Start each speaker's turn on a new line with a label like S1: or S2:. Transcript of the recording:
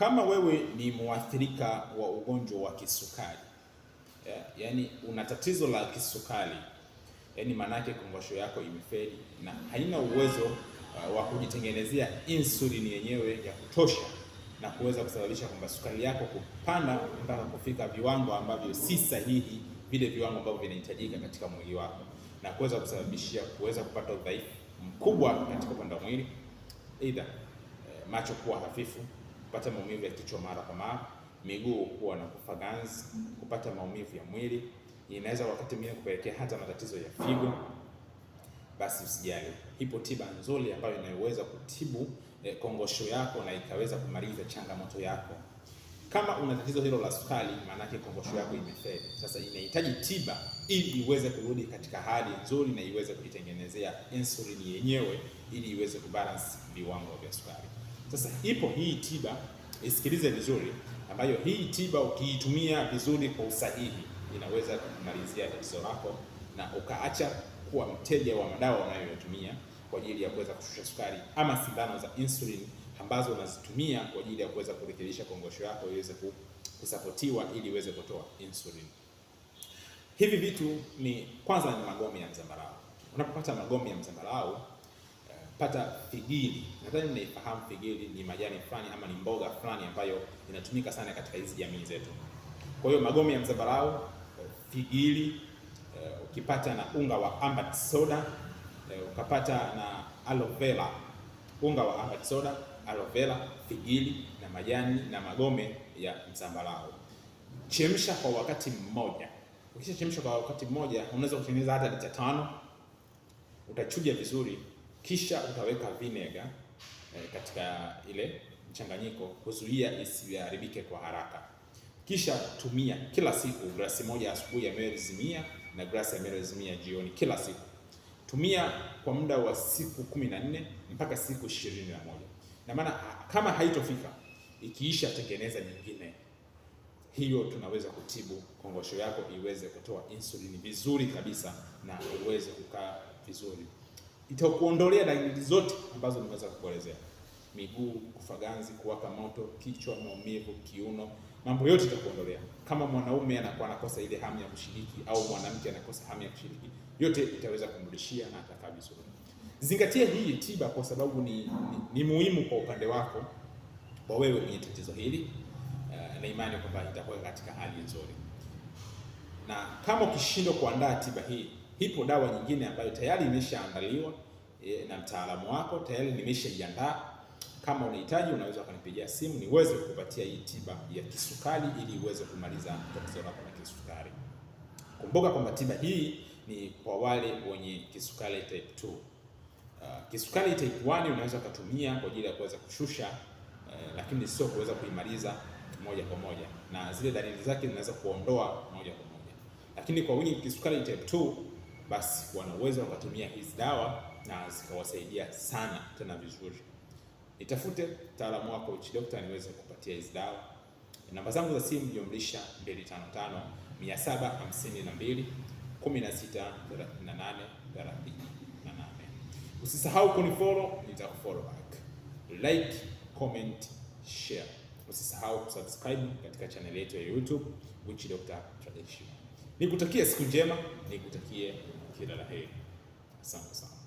S1: Kama wewe ni mwathirika wa ugonjwa wa kisukari ya, eh, yani una tatizo la kisukari yani maanake kongosho yako imefeli na haina uwezo uh, wa kujitengenezea insulini yenyewe ya kutosha na kuweza kusababisha kwamba sukari yako kupanda mpaka kufika viwango ambavyo si sahihi, vile viwango ambavyo vinahitajika katika mwili wako na kuweza kusababishia kuweza kupata udhaifu mkubwa katika upande wa mwili, aidha eh, macho kuwa hafifu kupata maumivu ya kichwa mara kwa mara, miguu kuwa na kufa ganzi, kupata maumivu ya mwili, inaweza wakati mwingine kupelekea hata matatizo ya figo. Basi usijali, ipo tiba nzuri ambayo inaweza kutibu eh, kongosho yako na ikaweza kumaliza changamoto yako. Kama una tatizo hilo la sukari, yake kongosho yako imefeli. Sasa inahitaji tiba ili iweze kurudi katika hali nzuri na iweze kujitengenezea insulini yenyewe ili iweze kubalance viwango vya sukari. Sasa ipo hii tiba, isikilize vizuri, ambayo hii tiba ukiitumia vizuri kwa usahihi inaweza kumalizia tatizo lako na ukaacha kuwa mteja wa madawa unayoyatumia kwa ajili ya kuweza kushusha sukari ama sindano za insulin ambazo unazitumia kwa ajili ya kuweza kurekebisha kongosho yako iweze kusapotiwa ili iweze kutoa insulin. Hivi vitu ni kwanza, ni magome ya mzambarau. Unapopata magome ya mzambarau pata figili. Nadhani mnaifahamu figili, ni majani fulani ama ni mboga fulani ambayo inatumika sana katika hizi jamii zetu. Kwa hiyo magome ya mzabarau, eh, figili, eh, ukipata na unga wa ambat soda, eh, ukapata na aloe vera, unga wa ambat soda, aloe vera, figili na majani na magome ya mzabarau. Chemsha kwa wakati mmoja. Ukishachemsha kwa wakati mmoja, unaweza kutengeneza hata lita tano. Utachuja vizuri kisha utaweka vinega eh, katika ile mchanganyiko kuzuia isiharibike kwa haraka. Kisha tumia kila siku glasi moja asubuhi ya ml mia na glasi ya ml mia jioni kila siku. Tumia kwa muda wa siku 14 mpaka siku 21. Na maana kama haitofika ikiisha, tengeneza nyingine. Hiyo tunaweza kutibu kongosho yako iweze kutoa insulini vizuri kabisa na uweze kukaa vizuri itakuondolea dalili zote ambazo nimeweza kukuelezea: miguu, kufaganzi, kuwaka moto, kichwa, maumivu, kiuno, mambo yote itakuondolea. Kama mwanaume anakuwa anakosa ile hamu ya kushiriki au mwanamke anakosa hamu ya kushiriki, yote itaweza kumrudishia na atakaa vizuri. Zingatia hii tiba kwa sababu ni, ni, ni muhimu kwa upande wako, kwa wewe mwenye tatizo hili uh, na imani kwamba itakuwa katika hali nzuri, na kama ukishindwa kuandaa tiba hii ipo dawa nyingine ambayo tayari imeshaandaliwa e, na mtaalamu wako tayari nimeshaiandaa. Kama unahitaji unaweza ukanipigia simu niweze kukupatia hii tiba ya kisukari ili uweze kumaliza tatizo lako la kisukari. Kumbuka kwamba tiba hii ni kwa wale wenye kisukari type 2. Uh, ah, kisukari type 1 unaweza ukatumia kwa ajili ya kuweza kushusha uh, lakini sio kuweza kuimaliza moja kwa moja, na zile dalili zake zinaweza kuondoa moja kwa moja, lakini kwa wenye kisukari type 2 basi wanaweza wakatumia hizi dawa na zikawasaidia sana tena vizuri. Nitafute mtaalamu wako uchi dokta niweze kupatia hizi dawa. Namba zangu za simu jumlisha 255752163838. Usisahau kunifollow, nitakufollow back. Like, comment, share. Usisahau kusubscribe katika channel yetu ya YouTube Witch Doctor Tradition. Nikutakie siku njema, nikutakie kila la heri. Asante sana.